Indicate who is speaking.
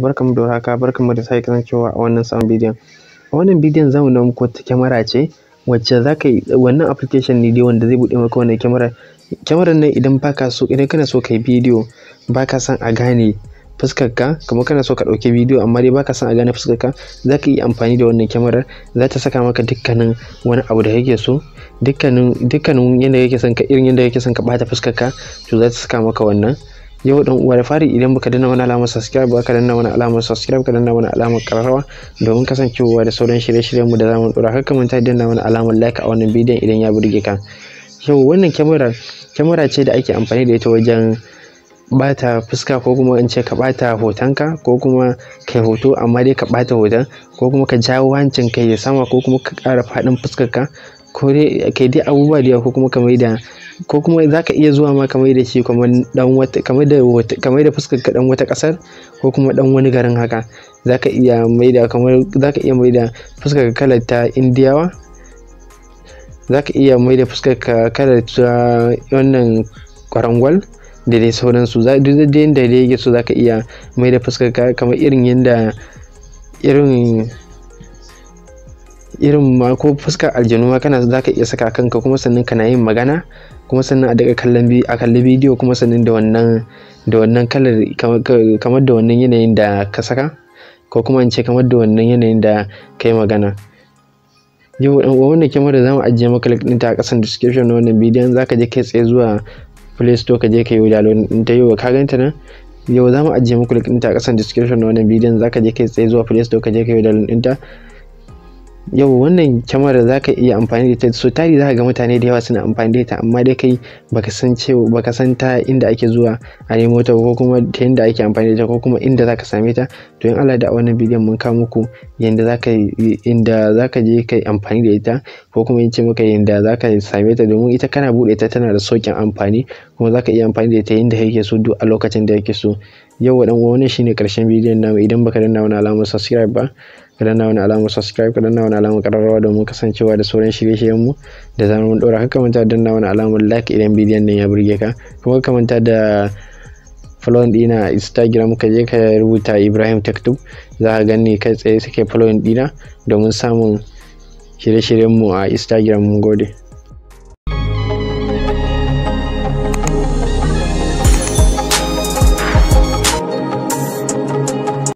Speaker 1: barkanmu da warhaka barkanmu da sake kasancewa a wannan sabon bidiyon a wannan bidiyon zamu nuna muku wata kyamara ce wacce za ka yi wannan application ne dai wanda zai buɗe maka wannan kyamara kyamarar nan idan baka so idan kana so ka yi bidiyo baka son a gane fuskar ka kamar kana so ka ɗauki bidiyo amma dai baka son a gane fuskar ka za ka yi amfani da wannan kyamarar za ta saka maka dukkanin wani abu da kake so dukkanin dukkanin yadda kake son ka irin yadda kake son ka ɓata fuskar ka to za ta saka maka wannan yau dan uwa da fari idan baka danna wani alamar subscribe baka danna wani alamar subscribe ka danna wani alamar karrawa domin kasancewa da sauran shirye-shiryen mu da zamu dora haka ta danna wani alamar like a wannan bidiyon idan ya burge ka yau wannan kyamarar kyamara ce da ake amfani da ita wajen bata fuska ko kuma in ce ka bata hotonka ko kuma kai hoto amma dai ka bata hoton ko kuma ka jawo hancin kai ya sama ko kuma ka ƙara faɗin fuskarka ko kai dai abubuwa da yawa ko kuma kamar da ko kuma za ka iya zuwa ma kamar da shi kamar dan wata kamar da kamar da fuskar ka dan wata kasar ko kuma dan wani garin haka za ka iya maida kamar za ka iya da fuskar ka kalar ta indiyawa za ka iya maida fuskar ka kalar ta wannan kwarangwal da dai sauransu duk da yadda da yake so za ka iya maida fuskar ka kamar irin yadda irin irin ma ko fuskar aljanu ma kana za ka iya saka kanka kuma sannan kana yin magana kuma sannan a daga kallon a kalli bidiyo kuma sannan da wannan da wannan kalar kamar da wannan yanayin da ka saka ko kuma in ce kamar da wannan yanayin da ka yi magana yau dan uwa wannan kyamar za mu ajiye maka link ta a ƙasan description na wannan bidiyon za ka je kai tsaye zuwa play store ka je ka yi download ɗinta yau ka ganta nan yau za mu ajiye maka link ta a ƙasan description na wannan bidiyon za ka je kai tsaye zuwa play store ka je ka yi download ɗinta yau wannan kyamarar za ka iya amfani da ita so tari za ka ga mutane da yawa suna amfani da ita amma dai kai baka san san ta inda ake zuwa a nemo ta ko kuma ta inda ake amfani da ita ko kuma inda za ka same ta to in Allah da wannan bidiyon mun kawo muku yanda za ka inda za ka amfani da ita ko kuma in ce maka yanda za ka same ta domin ita kana bude ta tana da sauƙin amfani kuma za ka iya amfani da ita inda kake so duk a lokacin da kake so yau wa dan shi wannan shine karshen bidiyon namu idan baka danna wani alamar subscribe ba ka danna wani alamar subscribe ka danna wani alamar kararrawa domin kasancewa da sauran shirye-shiryenmu da zarar mun ɗora ka manta danna wani alamar like idan bidiyon nan ya burge ka kuma ka manta da following dina instagram ka je ka rubuta ibrahim tiktok za ka gani kai tsaye suke following dina domin samun shirye-shiryenmu a instagram mu gode